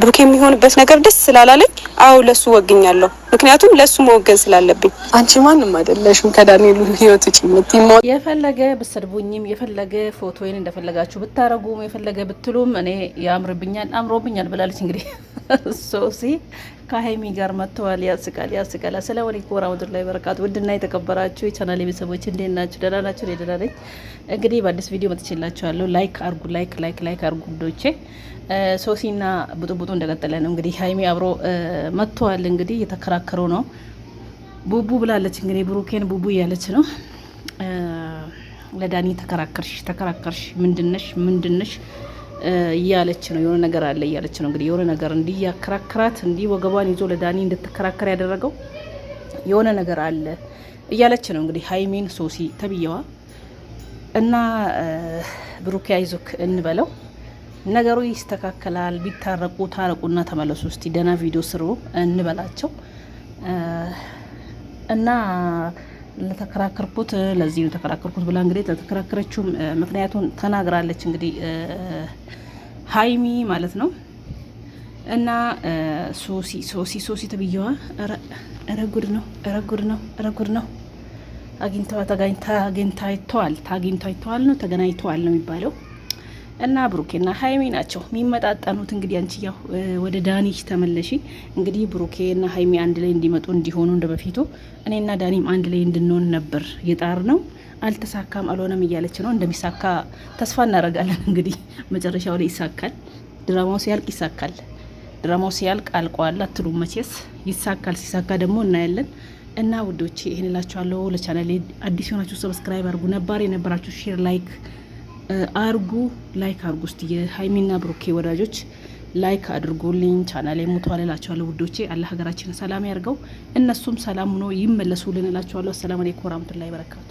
ብሩክ የሚሆንበት ነገር ደስ ስላላለኝ፣ አዎ ለሱ ወግኛለሁ። ምክንያቱም ለሱ መወገን ስላለብኝ። አንቺ ማንም አይደለሽም ከዳንኤል ህይወት ውጭ ውጪ። የፈለገ ብትሰድቡኝም፣ የፈለገ ፎቶዬን እንደፈለጋችሁ ብታረጉም፣ የፈለገ ብትሉም እኔ ያምርብኛል አምሮብኛል ብላለች እንግዲህ ሶሲ ከሀይሚ ጋር መጥተዋል። ያስቃል ያስቃል። አሰላሙ አለይኩም ወራህመቱላሂ ወበረካቱ። ውድና የተከበራችሁ የቻናል ቤተሰቦች እንዴት ናችሁ? ደህና ናችሁ? እኔ ደህና ነኝ። እንግዲህ በአዲስ ቪዲዮ መጥቼላችኋለሁ። ላይክ አርጉ፣ ላይክ ላይክ ላይክ አርጉ ዶቼ። ሶሲና ቡጡቡጡ እንደቀጠለ ነው። እንግዲህ ሀይሚ አብሮ መጥተዋል። እንግዲህ እየተከራከሩ ነው። ቡቡ ብላለች እንግዲህ ብሩኬን ቡቡ እያለች ነው። ለዳኒ ተከራከርሽ ተከራከርሽ ምንድነሽ ምንድነሽ እያለች ነው የሆነ ነገር አለ እያለች ነው እንግዲህ የሆነ ነገር እንዲያከራከራት እንዲህ ወገቧን ይዞ ለዳኒ እንድትከራከር ያደረገው የሆነ ነገር አለ እያለች ነው እንግዲህ ሀይሜን ሶሲ ተብዬዋ እና ብሩክ አይዞክ እንበለው ነገሩ ይስተካከላል። ቢታረቁ ታረቁና ተመለሱ። እስቲ ደህና ቪዲዮ ስሩ እንበላቸው እና ለተከራከርኩት ለዚህ ነው ተከራከርኩት ብላ እንግዲህ ለተከራከረችውም ምክንያቱን ተናግራለች። እንግዲህ ሀይሚ ማለት ነው እና ሶሲ ሶሲ ሶሲ ተብዬዋ ኧረ ጉድ ነው፣ ኧረ ጉድ ነው፣ ኧረ ጉድ ነው። አግኝተዋ ተገኝታ አግኝታ አይተዋል ታግኝታ አይተዋል ነው ተገናኝተዋል ነው የሚባለው እና ብሩኬና ሀይሚ ናቸው የሚመጣጠኑት። እንግዲህ አንቺ ያው ወደ ዳኒሽ ተመለሺ። እንግዲህ ብሩኬና ሀይሚ አንድ ላይ እንዲመጡ እንዲሆኑ እንደ በፊቱ እኔና ዳኒም አንድ ላይ እንድንሆን ነበር የጣር ነው። አልተሳካም፣ አልሆነም እያለች ነው። እንደሚሳካ ተስፋ እናደርጋለን። እንግዲህ መጨረሻው ላይ ይሳካል። ድራማው ሲያልቅ ይሳካል። ድራማው ሲያልቅ አልቋል አትሉ መቼስ ይሳካል። ሲሳካ ደግሞ እናያለን። እና ውዶቼ ይህን እላችኋለሁ። ለቻናሌ አዲስ የሆናችሁ ሰብስክራይብ አድርጉ፣ ነባር የነበራችሁ ሼር ላይክ አርጉ፣ ላይክ አርጉ። ውስጥ የሀይሚና ብሩኬ ወዳጆች ላይክ አድርጉልኝ። ቻናሌ ሙቷል እላቸዋለሁ ውዶቼ። አለ ሀገራችን ሰላም ያርገው፣ እነሱም ሰላም ሆኖ ይመለሱልን እላቸዋለሁ። አሰላም አለይኩም ወራህመቱላሂ ወበረካቱ